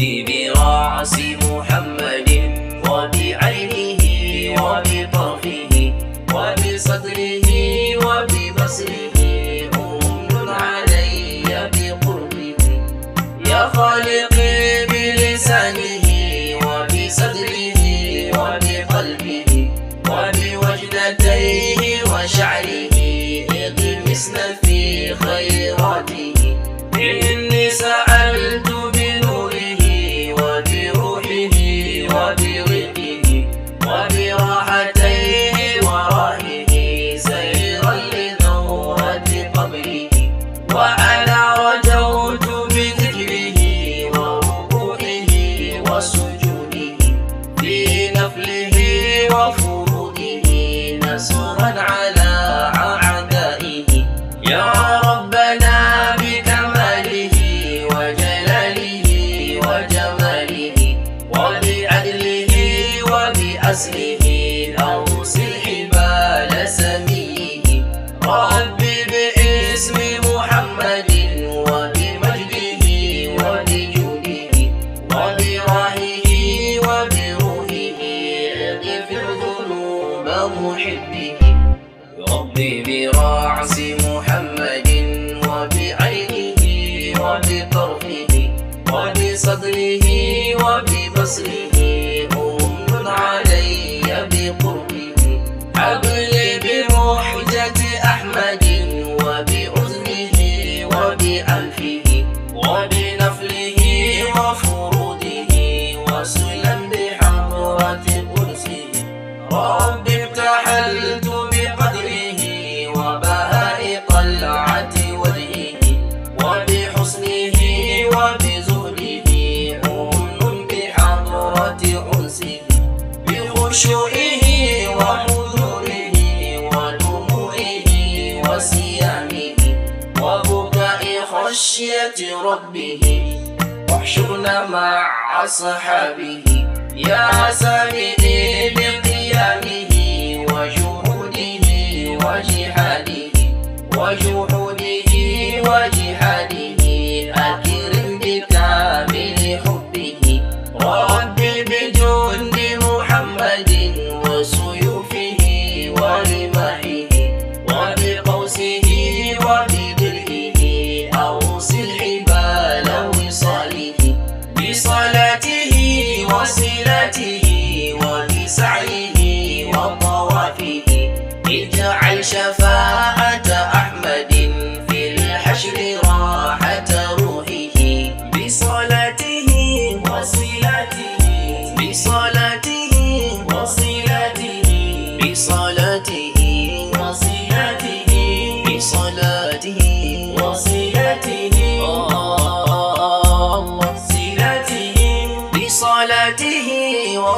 حبي برأس محمد وبراحتيه سيرا قبره وأنا رجوت بذكره وركوعه وسجوده في نفله وفروضه نسرا عنه عسله أوصل حبال سميه رب باسم محمد وبمجده وبجوده وبرهه وبروحه اغفر ذنوب محبه رب برأس محمد وبعينه وبطرفه وبصدره وببصره محمد وبأمة وسيامه وبكاء خشية ربه واحشرنا مع أصحابه يا سامي بقيامه وجهوده وجهاده وجهوده بصلاته وصلته وبسعيه وطوافه اجعل شفاعته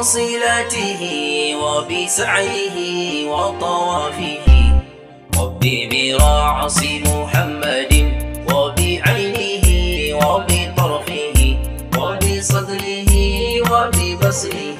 وصلاته وبسعيه وطوافه ربي براعص محمد وبعينه وبطرفه وبصدره وببصره